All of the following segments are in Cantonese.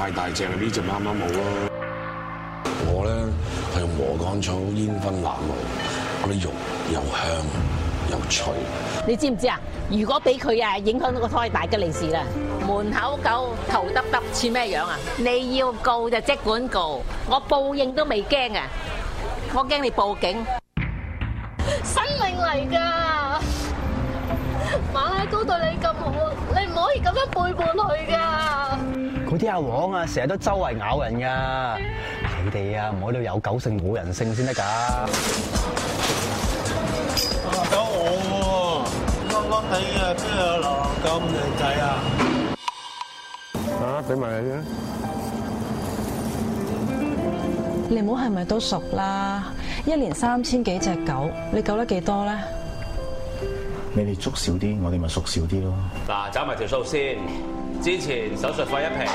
太大隻啦，呢隻啱啱好咯。我咧係用禾稈草煙燻牛肉，嗰啲肉又香又脆。你知唔知啊？如果俾佢啊，影響到個胎，大吉利是啦。門口狗頭耷耷似咩樣啊？你要告就即管告，我報應都未驚啊！我驚你報警。生命嚟㗎，馬拉糕對你咁好，你唔可以咁樣背叛佢㗎。啲阿黃啊，成日都周圍咬人噶，你哋啊唔好都有狗性冇人性先得噶。狗我，乾乾地啊，邊有流浪狗咁靚仔啊？啊，俾埋你啦。你唔好係咪都熟啦？一年三千幾隻狗，你救得幾多咧？你哋捉少啲，我哋咪熟少啲咯。嗱，找埋條數先。之前手術費一皮，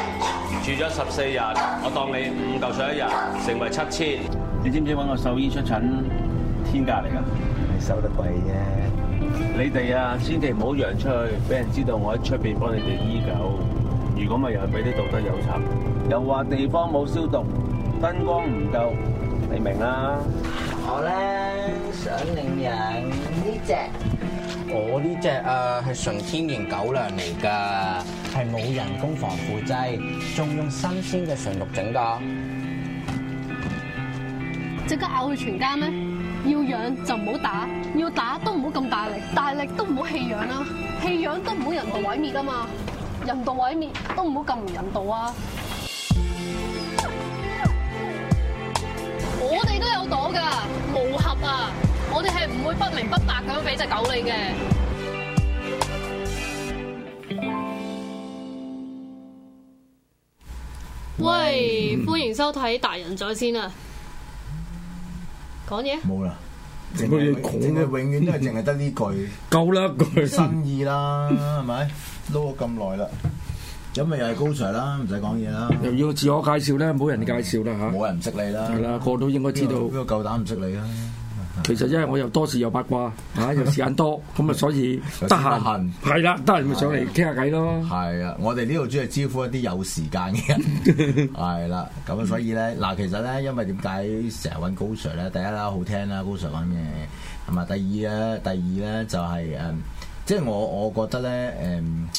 住咗十四日，我當你五嚿水一日，成為七千。你知唔知揾個獸醫出診，天價嚟㗎，收得貴啫。你哋啊，千祈唔好揚出去，俾人知道我喺出邊幫你哋醫狗。如果咪又俾啲道德油擦，又話地方冇消毒，燈光唔夠，你明啦。我呢想領養呢隻。我呢隻啊係純天然狗糧嚟噶，係冇人工防腐劑，仲用新鮮嘅純肉整噶。即刻咬佢全家咩？要養就唔好打，要打都唔好咁大力，大力都唔好棄養啦，棄養都唔好人道毀滅啊嘛，人道毀滅都唔好咁唔人道啊。我哋都有朵，噶，冇。我哋係唔會不明不白咁樣俾隻狗你嘅。喂，喂嗯、歡迎收睇《達仁在線》啊！講嘢？冇啦，我講嘅永遠都係淨係得呢句生，夠啦句新意啦，係咪？撈咗咁耐啦，咁咪又係高 sir 啦，唔使講嘢啦。又要自我介紹咧，冇人介紹啦吓，冇人唔識你啦，係啦，個都應該知道，邊個夠膽唔識你啊？其實因為我又多事又八卦，吓、啊、又時間多，咁啊 所以得閒係啦，得閒咪上嚟傾下偈咯。係啊， 我哋呢度主要招呼一啲有時間嘅人，係啦。 咁啊，所以咧嗱，其實咧，因為點解成日搵高 Sir 咧？第一啦，好聽啦、啊，高 Sir 講嘅。同埋第二咧，第二咧就係、是、誒、即、嗯、係、就是、我我覺得咧，誒、嗯、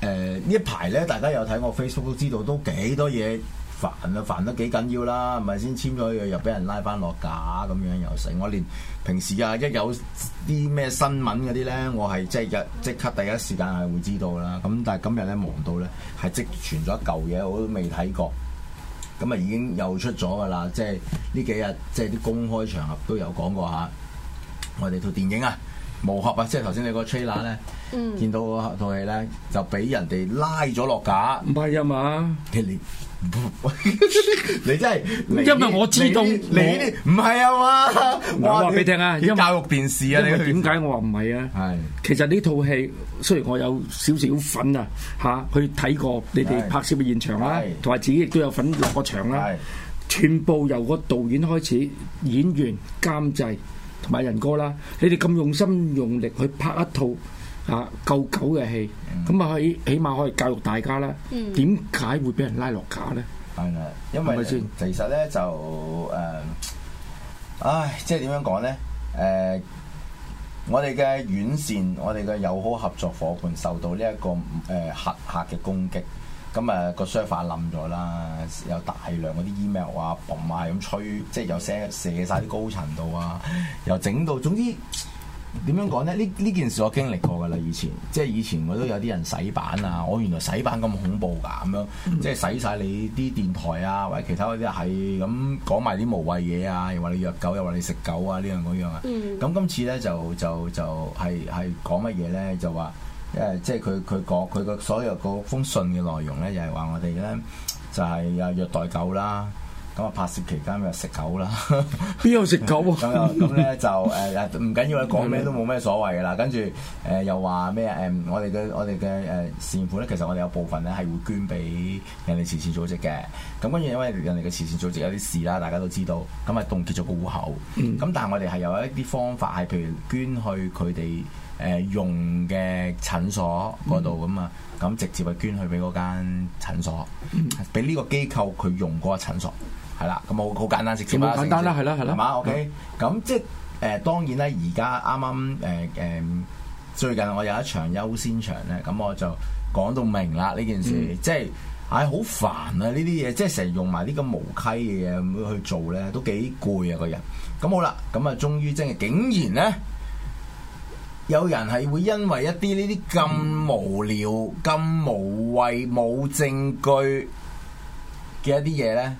誒、呃、呢一排咧，大家有睇我 Facebook 都知道都幾多嘢。煩啊！煩得幾緊要啦，唔係先簽咗佢，又俾人拉翻落架咁樣又成。我連平時啊，一有啲咩新聞嗰啲咧，我係即係即刻第一時間係會知道啦。咁但係今日咧忙到咧，係積存咗一舊嘢，我都未睇過。咁啊已經又出咗噶啦，即係呢幾日即係啲公開場合都有講過下，我哋套電影啊，《無合》啊，即係頭先你個吹 r a 咧，嗯，見到套戲咧就俾人哋拉咗落架，唔係啊嘛，你真係，因為我知道你唔係啊嘛，我話俾你聽啊，因為教育電視啊，你點解我話唔係啊？係，其實呢套戲雖然我有少少份啊，吓去睇過你哋拍攝嘅現場啦，同埋自己亦都有份落場啦，全部由個導演開始，演員監製同埋仁哥啦，你哋咁用心用力去拍一套。嚇夠、啊、狗嘅戲，咁啊、嗯、可以，起碼可以教育大家啦。點解、嗯、會俾人拉落架咧？係啊，因為咪先，其實咧就誒、呃，唉，即係點樣講咧？誒、呃，我哋嘅遠線，我哋嘅友好合作伙伴受到呢、這、一個誒黑、呃、客嘅攻擊，咁啊個 server 冧咗啦，有大量嗰啲 email 啊，嘣啊咁吹，即係有射射曬啲高層度啊，又整到，總之。點樣講咧？呢呢件事我經歷過㗎啦，以前即係以前我都有啲人洗版啊，我原來洗版咁恐怖㗎，咁樣即係洗晒你啲電台啊，或者其他嗰啲係咁講埋啲無謂嘢啊，又話你虐狗，又話你食狗啊呢樣嗰樣啊。咁今次呢，就就就係係講乜嘢呢？就話誒，即係佢佢講佢嘅所有嗰封信嘅內容呢，就係話我哋呢，就係又虐待狗啦。咁啊！拍攝期間咪食狗啦，邊有食狗啊？咁又咁咧就誒唔緊要，講咩、呃、都冇咩所謂㗎啦。跟住誒又話咩？誒、呃、我哋嘅我哋嘅誒善款咧，其實我哋有部分咧係會捐俾人哋慈善組織嘅。咁跟住因為人哋嘅慈善組織有啲事啦，大家都知道，咁啊凍結咗個戶口。咁、嗯、但係我哋係有一啲方法係，譬如捐去佢哋誒用嘅診所嗰度咁啊，咁、嗯、直接係捐去俾嗰間診所，俾呢、嗯、個機構佢用嗰個診所。係啦，咁我好簡單，直接啦，係、嗯、啦，係啦，係嘛？OK，咁即係誒、呃，當然啦。而家啱啱誒誒最近我有一場優先場咧，咁我就講到明啦呢件事，嗯、即係唉，好、哎嗯哎、煩啊！呢啲嘢，即係成日用埋啲咁無稽嘅嘢咁樣去做咧，都幾攰啊個人。咁好啦，咁啊，終於真係竟然咧，有人係會因為一啲呢啲咁無聊、咁、嗯、無謂、冇證據嘅一啲嘢咧。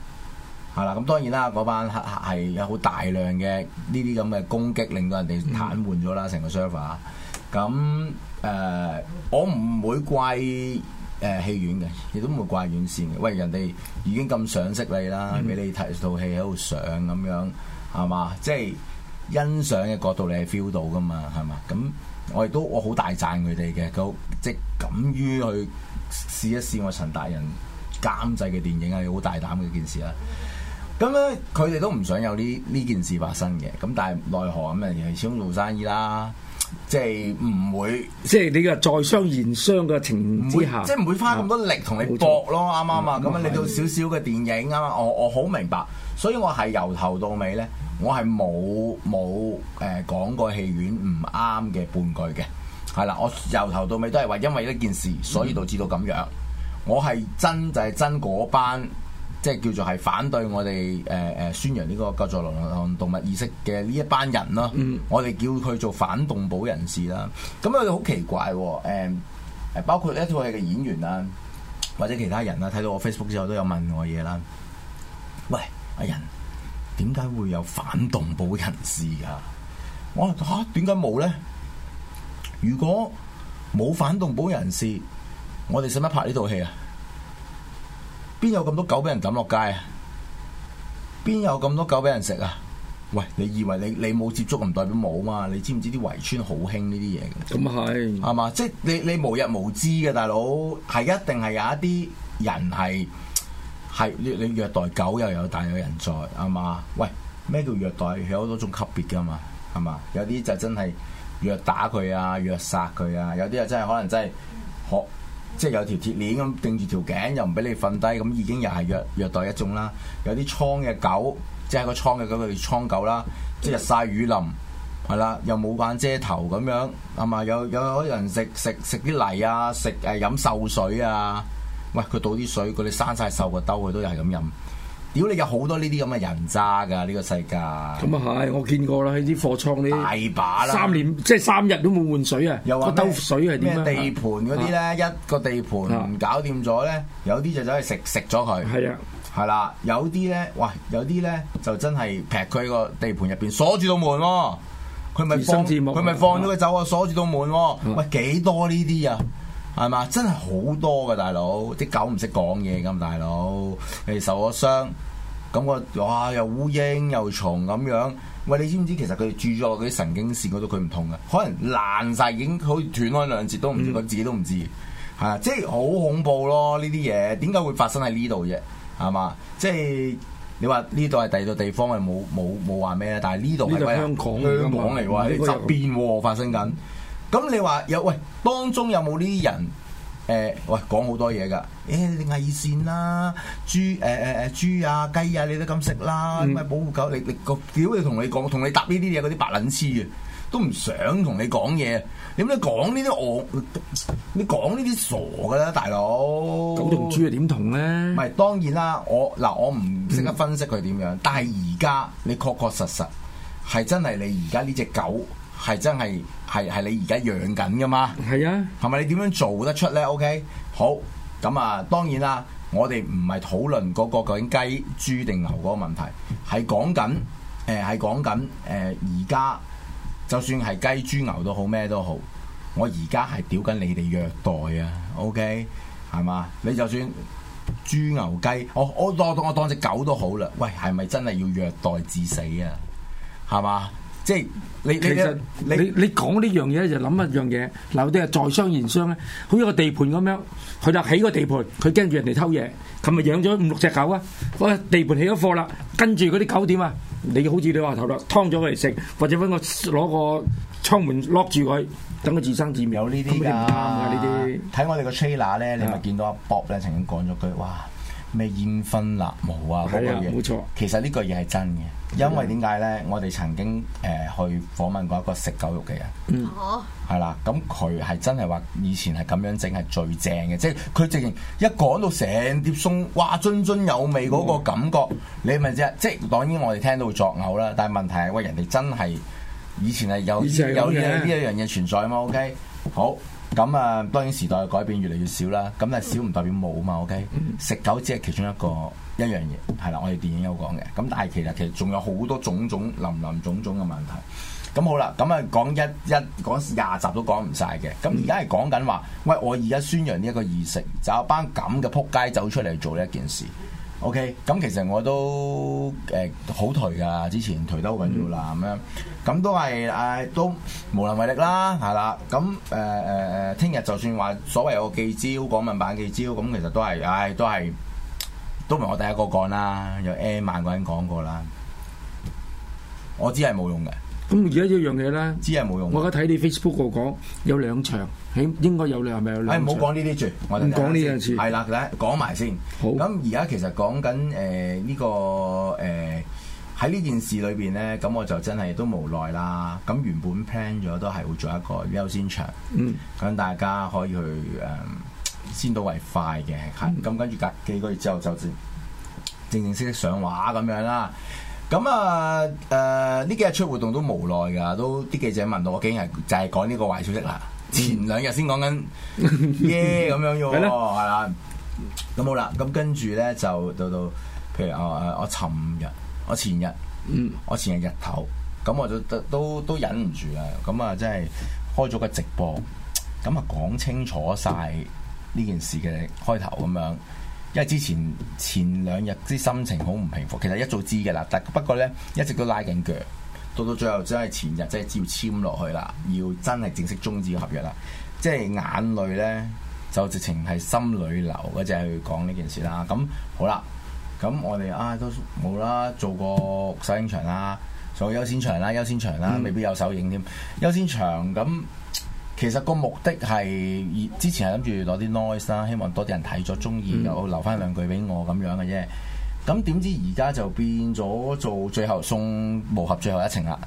係啦，咁當然啦，嗰班黑客係有好大量嘅呢啲咁嘅攻擊，令到人哋癱瘓咗啦，成個 server。咁誒、呃，我唔會怪誒、呃、戲院嘅，亦都唔會怪院線嘅。喂，人哋已經咁賞識你啦，俾、嗯、你提套戲喺度上，咁樣係嘛？即係欣賞嘅角度你，你係 feel 到噶嘛？係嘛？咁我亦都我好大讚佢哋嘅，即係敢於去試一試我陳大人監製嘅電影係好大膽嘅一件事啦。咁咧，佢哋都唔想有呢呢件事發生嘅。咁但係奈何咁啊？始終做生意啦，即係唔會，即係你個在商言商嘅情形之下，即係唔會花咁多力同你搏咯。啱啱啊？咁啊，你到少少嘅電影啊、嗯，我我好明白。所以我係由頭到尾咧，嗯、我係冇冇誒講過戲院唔啱嘅半句嘅。係啦，我由頭到尾都係話，因為呢件事，所以導致到咁樣。嗯、我係真就係真嗰班。真是真是即係叫做係反對我哋誒誒宣揚呢個救助流浪動物意識嘅呢一班人咯，嗯、我哋叫佢做反動保人士啦。咁佢哋好奇怪誒、哦、誒、呃，包括呢套戲嘅演員啦、啊，或者其他人啦、啊，睇到我 Facebook 之後都有問我嘢啦。喂，阿仁，點解會有反動保人士噶？我嚇點解冇咧？如果冇反動保人士，我哋使乜拍呢套戲啊？邊有咁多狗俾人抌落街啊？邊有咁多狗俾人食啊？喂，你以為你你冇接觸唔代表冇嘛？你知唔知啲圍村好興呢啲嘢咁啊係。係嘛這是？即係你你無日無知嘅大佬，係一定係有一啲人係係你你虐待狗又有大有人在啊嘛？喂，咩叫虐待？有好多種級別噶嘛？係嘛？有啲就真係虐打佢啊，虐殺佢啊，有啲又真係可能真係可。即係有條鐵鏈咁定住條頸，又唔俾你瞓低，咁已經又係虐虐待一種啦。有啲倉嘅狗，即係個倉嘅嗰類倉狗啦，即係日曬雨淋，係啦，又冇板遮頭咁樣，係咪？有有啲人食食食啲泥啊，食誒飲鏽水啊，喂，佢倒啲水，佢哋生晒鏽嘅兜，佢都係咁飲。屌，你有好多呢啲咁嘅人渣噶呢、這個世界，咁啊係，我見過啦，喺啲貨倉呢，大把啦，三年即係三日都冇換水啊，個兜水係點啊？地盤嗰啲咧，一個地盤唔搞掂咗咧，有啲就走去食食咗佢，係啊，係、啊、啦，有啲咧，喂，有啲咧就真係劈佢個地盤入邊，鎖住到門、啊，佢咪佢咪放咗佢走啊，鎖住道門，喂，幾多呢啲啊？係嘛？真係好多嘅大佬，啲狗唔識講嘢咁，大佬佢受咗傷，感覺哇又烏蠅又蟲咁樣。喂，你知唔知其實佢哋注咗落嗰啲神經線嗰度，佢唔痛嘅，可能爛晒已經好似斷開兩截都唔知，佢自己都唔知。嚇、嗯，即係好恐怖咯！呢啲嘢點解會發生喺呢度啫？係嘛？即係你話呢度係第二個地方係冇冇冇話咩咧？但係呢度係香港香港嚟喎，喺側邊喎發生緊。咁你話有喂當中有冇呢啲人誒、呃、喂講好多嘢噶？誒、欸，偽善啦，豬誒誒誒豬啊雞啊，你都咁食啦，咁、嗯、保護狗，你你個屌去同你講，同你搭呢啲嘢，嗰啲白撚痴嘅，都唔想同你講嘢。點解講呢啲我？你講呢啲傻噶啦，大佬。狗同豬係，點同咧？唔係當然啦，我嗱我唔識得分析佢點樣，嗯、但係而家你確確實實係真係你而家呢隻狗。係真係係係你而家養緊噶嘛？係啊，係咪你點樣做得出咧？O K，好咁啊，當然啦，我哋唔係討論嗰個究竟雞、豬定牛嗰個問題，係講緊誒，係講緊誒，而家，呃、就算係雞、豬、牛都好，咩都好，我而家係屌緊你哋虐待啊！O K，係嘛，你就算豬、牛、雞，我我我，我當隻狗都好啦。喂，係咪真係要虐待至死啊？係嘛？即係你其實你你講呢樣嘢就諗一樣嘢。嗱，我哋係在商言商咧，好似個地盤咁樣，佢就起個地盤，佢驚住人哋偷嘢，咁咪養咗五六隻狗啊！嗰個地盤起咗貨啦，跟住嗰啲狗點啊？你好似你話頭度劏咗佢嚟食，或者揾個攞個倉門 lock 住佢，等佢自生自滅。有呢啲啱啊，呢啲睇我哋個 trainer 咧的，你咪見到阿博咧曾經講咗句哇。嘩咩煙熏臘毛啊？嗰、那個嘢，啊、其實呢個嘢係真嘅。因為點解咧？我哋曾經誒、呃、去訪問過一個食狗肉嘅人，係啦、嗯。咁佢係真係話以前係咁樣整係最正嘅，即係佢直情一講到成碟餸，哇，津津，津有味嗰個感覺。嗯、你咪知，即係當然我哋聽到會作嘔啦。但係問題係，喂，人哋真係以前係有前呢有呢呢一樣嘢存在嘛？O K，好。咁啊，當然時代嘅改變越嚟越少啦。咁啊，少唔代表冇啊嘛，OK？嗯、食狗只係其中一個一樣嘢，係啦。我哋電影有講嘅。咁但係其實其實仲有好多種種林林種種嘅問題。咁好啦，咁啊講一一講廿集都講唔晒嘅。咁而家係講緊話，嗯、喂，我而家宣揚呢一個意識，就係班咁嘅撲街走出嚟做呢一件事。OK，咁其實我都誒好頹噶，之前頹得好緊要啦咁樣，咁都係誒都無能為力啦，係啦，咁誒誒誒，聽日就算話所謂個記招講文版記招，咁其實都係，唉，都係都唔係我第一個講啦，有 N 萬個人講過啦，我知係冇用嘅。咁而家一樣嘢咧，呢知係冇用。我而家睇你 Facebook 個講有兩場，喺應該有兩，係咪有兩？唔好講呢啲住，字，唔講呢兩次。係啦，嚟講埋先。咁而家其實講緊誒呢個誒喺呢件事裏邊咧，咁我就真係都無奈啦。咁原本 plan 咗都係會做一個優先場，咁、嗯、大家可以去誒、嗯、先睹為快嘅，係。咁、嗯、跟住隔幾個月之後就正正式式上畫咁樣啦。咁啊，誒呢、呃、幾日出活動都無奈㗎，都啲記者問到我竟然係就係講呢個壞消息啦。嗯、前兩日先講緊耶咁樣喎，係啦 呢。咁好啦，咁跟住咧就到到，譬如、啊、我誒我尋日，我前日，嗯、我前日日頭，咁我就都都都忍唔住啦。咁啊，即係開咗個直播，咁啊講清楚晒呢件事嘅開頭咁樣。因為之前前兩日啲心情好唔平復，其實一早知嘅啦，但不過呢，一直都拉緊腳，到到最後真係前日真係照簽落去啦，要真係正式終止合約啦，即係眼淚呢就直情係心裏流嗰隻去講呢件事啦。咁好啦，咁我哋啊、哎、都冇啦，做過首映場啦，做過優先場啦，優先場啦，未必有首映添，優、嗯、先場咁。其實個目的係，之前係諗住攞啲 noise 啦，希望多啲人睇咗中意，又留翻兩句俾我咁樣嘅啫。咁點知而家就變咗做最後送毛俠最後一程啦，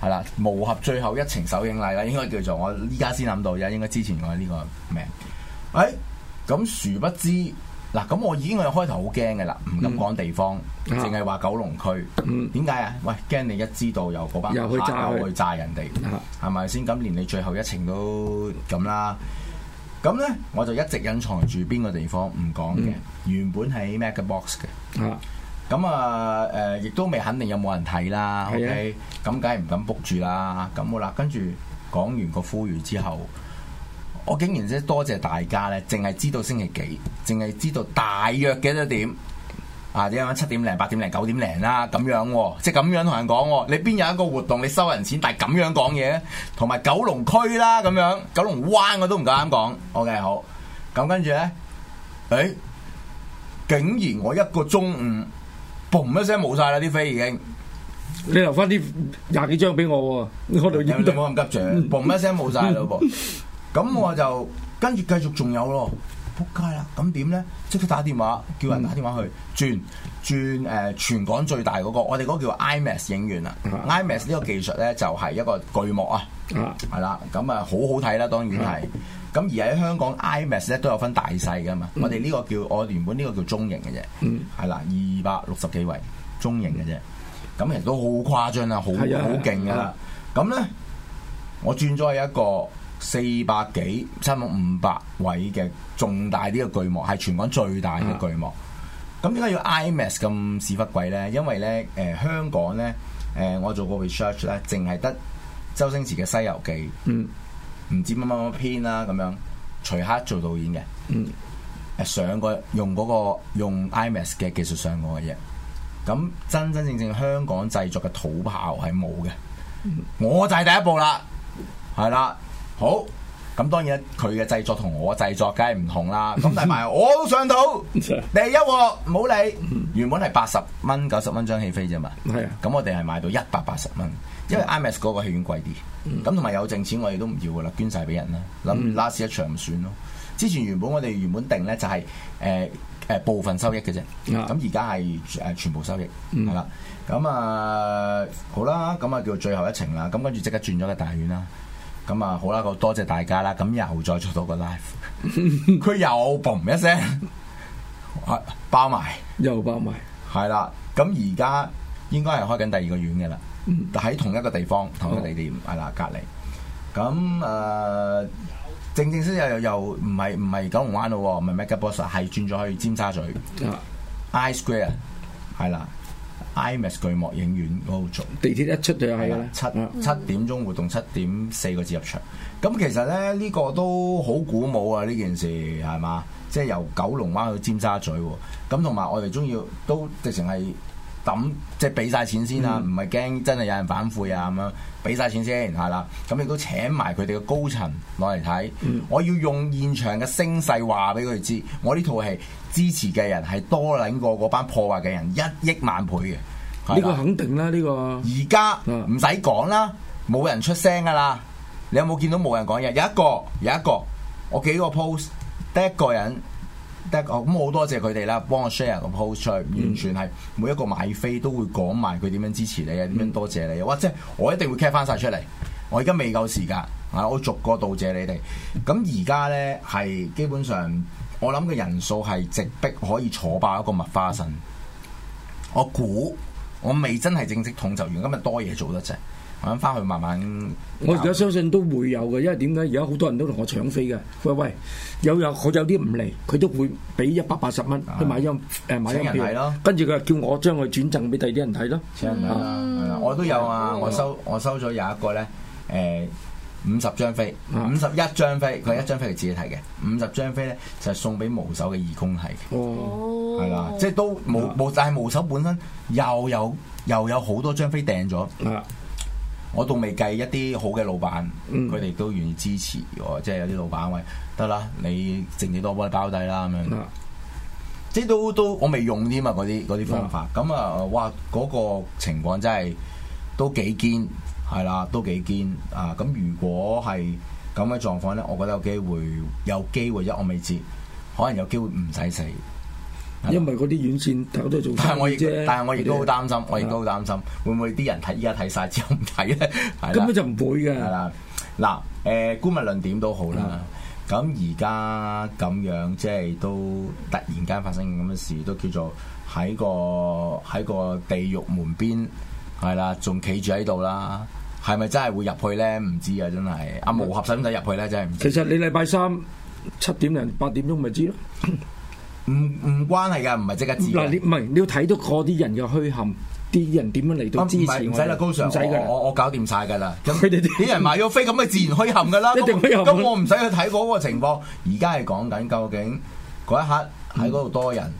係啦，毛俠最後一程首映禮啦，應該叫做我依家先諗到，嘅，而家應該之前用呢個名。誒、欸，咁、嗯、殊不知。嗱，咁我已經我開頭好驚嘅啦，唔敢講地方，淨係話九龍區。點解、嗯、啊？喂，驚你一知道又嗰班又去炸人哋，係咪先？咁連你最後一程都咁啦。咁咧，我就一直隱藏住邊個地方唔講嘅，嗯、原本係 MegaBox 嘅。咁、嗯、啊，誒、呃，亦都未肯定有冇人睇啦。嗯、OK，咁梗係唔敢 book 住啦。咁好啦，跟住講完個呼籲之後。之後我竟然即係多謝大家咧，淨係知道星期幾，淨係知道大約幾多點啊？即係七點零、八點零、九點零啦、啊，咁樣、哦、即係咁樣同人講。你邊有一個活動你收人錢，但係咁樣講嘢咧？同埋九龍區啦，咁樣九龍灣我都唔夠膽講。OK，好。咁跟住咧，誒、欸，竟然我一個中午，嘣一聲冇晒啦，啲飛已經,已經你、哦你。你留返啲廿幾張俾我喎，我度。有冇咁急著？嘣 一聲冇晒嘞噃。 咁我就跟住繼續仲有咯，仆街啦！咁點呢？即刻打電話叫人打電話去轉轉，誒，全港最大嗰個，我哋嗰個叫 IMAX 影院啦。IMAX 呢個技術呢，就係一個巨幕啊，係啦，咁啊好好睇啦，當然係。咁而喺香港 IMAX 呢都有分大細噶嘛。我哋呢個叫我原本呢個叫中型嘅啫，係啦，二百六十幾位中型嘅啫。咁其實都好誇張啊，好好勁噶啦。咁呢，我轉咗去一個。四百幾差唔多五百位嘅重大啲嘅巨幕，係全港最大嘅巨幕。咁點解要 IMAX 咁屎忽鬼呢？因為呢，誒、呃、香港呢，誒、呃，我做過 research 呢，淨係得周星馳嘅《西遊記》唔、嗯、知乜乜乜篇啦，咁樣徐克做導演嘅、嗯呃，上個用嗰、嗰個用 IMAX 嘅技術上過嘅嘢。咁真真正正正香港製作嘅土炮係冇嘅，嗯、我就係第一部啦，係啦。好咁，當然佢嘅製作同我製作梗係唔同啦。咁但係我都上到第一鑊，冇理。原本係八十蚊、九十蚊張戲飛啫嘛。咁，我哋係買到一百八十蚊，因為 IMAX 嗰個戲院貴啲。咁同埋有剩錢，我哋都唔要噶啦，捐晒俾人啦。諗 last 一場唔算咯。之前原本我哋原本定咧就係誒誒部分收益嘅啫。咁而家係誒全部收益係、嗯、啦。咁啊好啦，咁啊叫最後一程啦。咁跟住即刻轉咗個大院啦。咁啊，好啦，我多謝大家啦。咁又再做到個 live，佢 又嘣一聲、啊，包埋，又包埋，係啦。咁而家應該係開緊第二個院嘅啦，喺、嗯、同一個地方同一個地點，係、嗯、啦，隔離。咁誒、呃，正正先又又又唔係唔係九龍灣咯，唔係 MegaBox，係轉咗去尖沙咀、啊、I Square，係啦。IMAX 巨幕影院嗰度做，地鐵一出就係啦，七七點鐘活動，七點四個字入場。咁其實咧呢、呢個都好鼓舞啊！呢件事係嘛，即係由九龍灣去尖沙咀。咁同埋我哋鍾意都直情係抌，即係俾晒錢先啦、啊，唔係驚真係有人反悔啊咁樣。俾晒錢先係、啊、啦，咁亦都請埋佢哋嘅高層攞嚟睇。嗯、我要用現場嘅聲勢話俾佢哋知，我呢套戲。支持嘅人係多擰過嗰班破壞嘅人一億萬倍嘅，呢個肯定啦，呢、呢個而家唔使講啦，冇、嗯、人出聲噶啦。你有冇見到冇人講嘢？有一個，有一個，我幾個 post 得一個人，得咁，好、嗯、多謝佢哋啦，幫我 share 個 post 出嚟，完全係每一個買飛都會講埋佢點樣支持你嘅，點樣多謝你嘅。或者我一定會 cap 翻晒出嚟。我而家未夠時間，啊，我逐個道謝你哋。咁而家呢，係基本上。我諗嘅人數係直逼可以坐爆一個麥花臣。我估我未真係正式統籌完，今日多嘢做得啫。我諗翻去慢慢。我而家相信都會有嘅，因為點解？而家好多人都同我搶飛嘅。喂喂，有有，我有啲唔嚟，佢都會俾一百八十蚊去買張誒買張票。嗯、票咯，跟住佢叫我將佢轉贈俾第二啲人睇咯。請人睇啦，嗯、我都有啊，我收我收咗有一個咧，誒、欸。五十張飛，五十一張飛，佢一張飛係自己睇嘅。五十張飛咧就係送俾無手嘅義工係，係啦，即係都冇冇，但係無手本身又有又有好多張飛掟咗。我仲未計一啲好嘅老闆，佢哋都願意支持我，即係有啲老闆喂，得啦，你剩幾多幫你包底啦咁樣。即係都都我未用添啊，啲嗰啲方法咁啊，哇！嗰個情況真係都幾堅。係啦， 都幾堅啊！咁如果係咁嘅狀況咧，我覺得有機會，有機會一我未知，可能有機會唔使死，因為嗰啲遠線好多做睇但係我亦都好擔心，吧我亦都好擔心，會唔會啲人睇依家睇晒之後唔睇咧？根本 就唔會嘅。係啦，嗱，誒，觀物論點都好啦。咁而家咁樣即係都突然間發生咁嘅事，都叫做喺個喺個,個地獄門邊。係啦，仲企住喺度啦，係咪真係會入去咧？唔知啊，真係唔知阿毛俠使唔使入去咧？真係唔知。其實你禮拜三七點零八點鐘咪知咯，唔唔關係噶，唔係即刻知。嗱， 你唔係你要睇到嗰啲人嘅虛陷，啲人點樣嚟到支持我？唔使啦，高 Sir，我我我搞掂晒噶啦。佢哋啲人買咗飛，咁咪自然虛陷噶啦。一定。咁我唔使去睇嗰個情況，而家係講緊究竟嗰一刻喺嗰度多人。嗯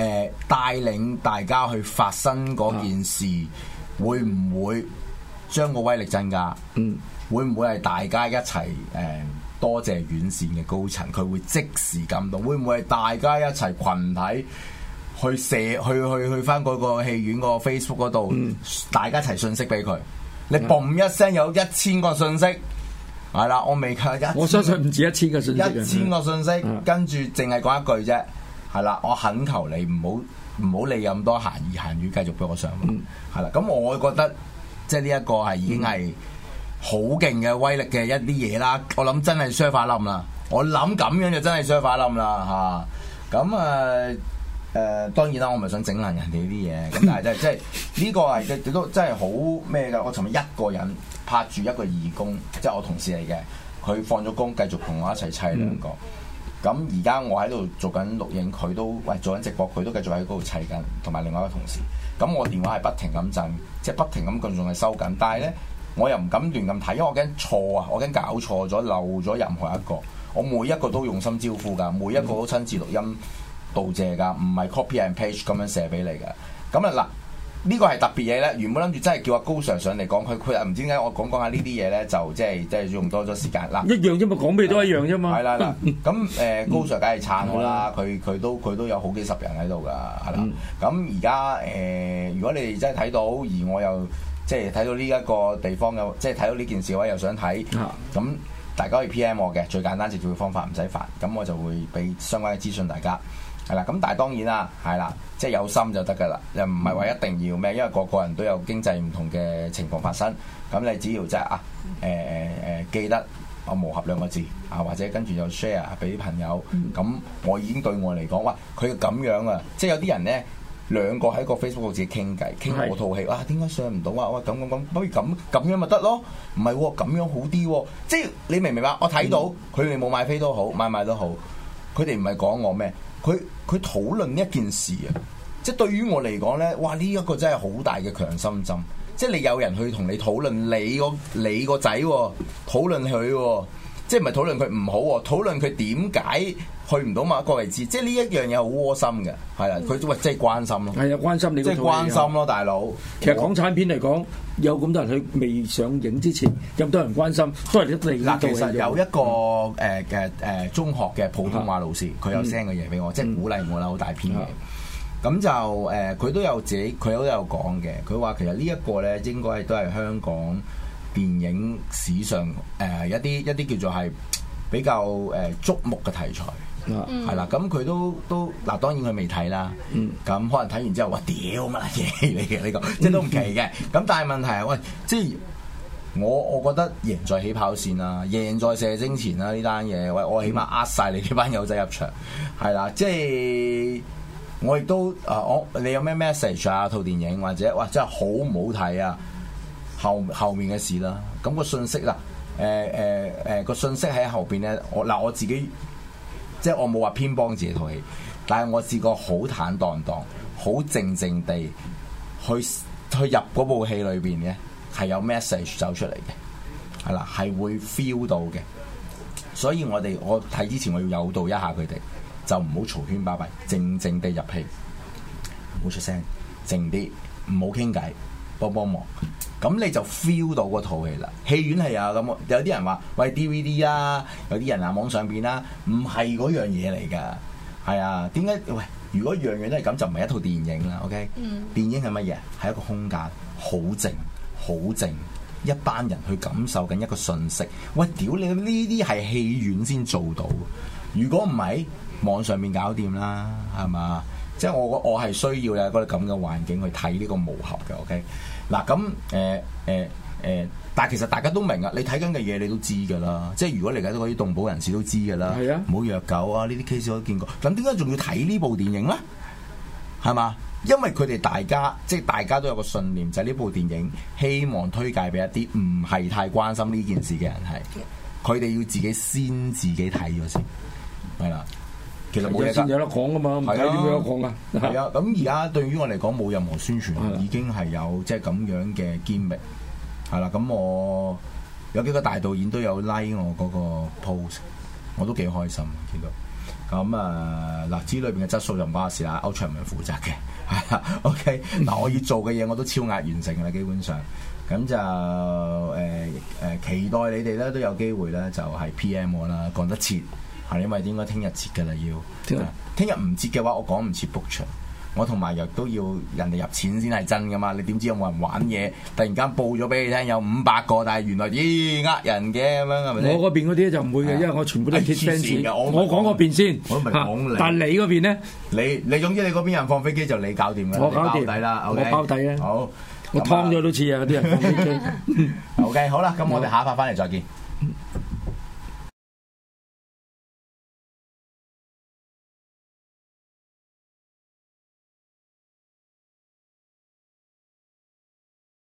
誒帶領大家去發生嗰件事，啊、會唔會將個威力增加？嗯，會唔會係大家一齊誒、呃、多謝院線嘅高層，佢會即時感動？會唔會係大家一齊群體去射去去去返嗰個戲院嗰個 Facebook 嗰度，嗯、大家一齊信息俾佢？嗯、你嘣一聲有一千個信息，係啦、嗯，我未1000，我相信唔止一千個信息，一千個信息、嗯嗯、跟住淨係講一句啫。係啦，我懇求你唔好唔好理咁多閒言閒語，繼續俾我上。係啦，咁我覺得即係呢一個係已經係好勁嘅威力嘅一啲嘢啦。我諗真係散嘩冧啦，我諗咁樣就真係散嘩冧啦嚇。咁誒誒，當然啦，我唔係想整爛人哋啲嘢，咁但係即係即係呢個係都真係好咩㗎。我尋日一個人拍住一個義工，即係我同事嚟嘅，佢放咗工繼續同我一齊砌兩個。咁而家我喺度做緊錄影，佢都喂做緊直播，佢都繼續喺嗰度砌緊，同埋另外一個同事。咁我電話係不停咁震，即係不停咁，佢仲係收緊。但係呢，我又唔敢亂咁睇，因為我驚錯啊，我驚搞錯咗漏咗任何一個。我每一個都用心招呼㗎，每一個都親自錄音道謝㗎，唔係 copy and page 咁樣寫俾你㗎。咁啊嗱。呢個係特別嘢咧，原本諗住真係叫阿高 Sir 上嚟講，佢，佢啊唔知點解，我講講下呢啲嘢咧，就即係即係用多咗時間。嗱，一樣啫嘛，講咩都一樣啫嘛。係啦，嗱， 咁、呃、誒高 Sir 梗係撐我啦，佢，佢 都佢都有好幾十人喺度噶，係啦。咁而家誒，如果你哋真係睇到，而我又即係睇到呢一個地方嘅，即係睇到呢件事嘅話，我又想睇，咁 大家可以 PM 我嘅，最簡單直接嘅方法唔使煩，咁我就會俾相關嘅資訊大家。係啦，咁但係當然啦，係啦，即係有心就得噶啦，又唔係話一定要咩，因為個個人都有經濟唔同嘅情況發生。咁你只要即係啊，誒誒誒，記得啊磨合兩個字啊，或者跟住又 share 俾朋友。咁我已經對我嚟講，哇，佢咁樣啊，即係有啲人咧，兩個喺個 Facebook 度自己傾偈傾我套戲，是啊，點解上唔到啊？哇，咁咁咁，不如咁咁樣咪得咯？唔係喎，咁樣好啲喎，啊。即係你明唔明白？我睇到佢哋冇買飛都好，買唔買都好，佢哋唔係講我咩。佢佢討論一件事啊，即係對於我嚟講呢，哇！呢一個真係好大嘅強心針，即係你有人去同你討論你個你個仔喎，討論佢喎、哦，即係唔係討論佢唔好喎，討論佢點解，去唔到某一個位置，即係呢一樣嘢好窩心嘅，係啊，佢都即係關心咯，係啊、嗯，關心你，即係關心咯，大佬哥。其實港產片嚟講，有咁多人去未上映之前，咁多人關心，都係一嚟嘅。其實有一個誒嘅誒中學嘅普通話老師，佢、嗯、有 send 嘅嘢俾我，即係鼓勵我啦，好大篇嘅。咁、嗯、就誒，佢、呃、都有自己，佢都有講嘅。佢話其實呢一個咧，應該都係香港電影史上誒、呃、一啲一啲叫做係比較誒矚目嘅題材。係 Yeah. 啦，咁佢都都嗱，當然佢未睇啦。咁、mm. 嗯、可能睇完之後話：屌乜嘢嚟嘅呢個，即係都唔奇嘅。咁但係問題係喂，即係我我覺得贏在起跑線啦、啊，贏在射精前啦呢單嘢。喂，我起碼呃晒你呢班友仔入場，係啦。即係我亦都、呃、我啊，我你有咩 message 啊？套電影或者哇，真、呃、係好唔好睇啊？後後面嘅事啦，咁、那個信息啦，誒誒誒個信息喺後邊咧。我嗱、呃呃呃呃、我自己。呃自己自己即係我冇話偏幫自己套戲，但係我試過好坦蕩蕩、好靜靜地去去入嗰部戲裏邊嘅，係有 message 走出嚟嘅，係啦，係會 feel 到嘅。所以我哋我睇之前，我要誘導一下佢哋，就唔好嘈喧巴閉，靜靜地入戲，唔好出聲，靜啲，唔好傾偈，幫幫忙。咁你就 feel 到嗰套戲啦，戲院係啊，咁，有啲人話喂 DVD 啊，有啲人啊網上邊啦，唔係嗰樣嘢嚟噶，係啊，點解、啊？喂，如果樣樣都係咁，就唔係一套電影啦，OK？、嗯、電影係乜嘢？係一個空間，好靜，好靜，一班人去感受緊一個信息。喂，屌你！呢啲係戲院先做到，如果唔係網上面搞掂啦，係嘛？即係我我係需要咧嗰啲咁嘅環境去睇呢個毛俠嘅，OK 嗱，咁誒誒誒，但係其實大家都明啊，你睇緊嘅嘢你都知噶啦，即係如果嚟緊都嗰啲動保人士都知噶啦，係的啊，唔好虐狗啊，呢啲 case 我都見過，咁點解仲要睇呢部電影咧？係嘛？因為佢哋大家即係大家都有個信念，就係、是、呢部電影希望推介俾一啲唔係太關心呢件事嘅人係，佢哋要自己先自己睇咗先，係啦。其實冇嘢有得講噶嘛？係啊，咁而家對於我嚟講冇任何宣傳，已經係有即係咁樣嘅堅覓，係啦。咁我有幾個大導演都有拉、like、我嗰個 post，我都幾開心見到。咁、嗯、啊，嗱，字裏邊嘅質素就唔關事啦。歐卓文負責嘅，係啦。OK，嗱、啊，我要做嘅嘢我都超額完成啦，基本上。咁就誒誒、呃呃，期待你哋咧都有機會咧，就係、是、PM 我啦，講得切。係，因為應該聽日切嘅啦，要聽日。聽日唔切嘅話，我講唔切 book 場。我同埋又都要人哋入錢先係真嘅嘛。你點知有冇人玩嘢？突然間報咗俾你聽有五百個，但係原來咦呃人嘅咁樣係咪？我嗰邊嗰啲就唔會嘅，因為我全部都係設聲線。我我講嗰邊先。我唔係講你。但係你嗰邊咧？你你總之你嗰邊有人放飛機就你搞掂嘅，我包底啦。我包底啊。好，我劏咗都似啊嗰啲人。放飛機 OK，好啦，咁我哋下一 part 翻嚟再見。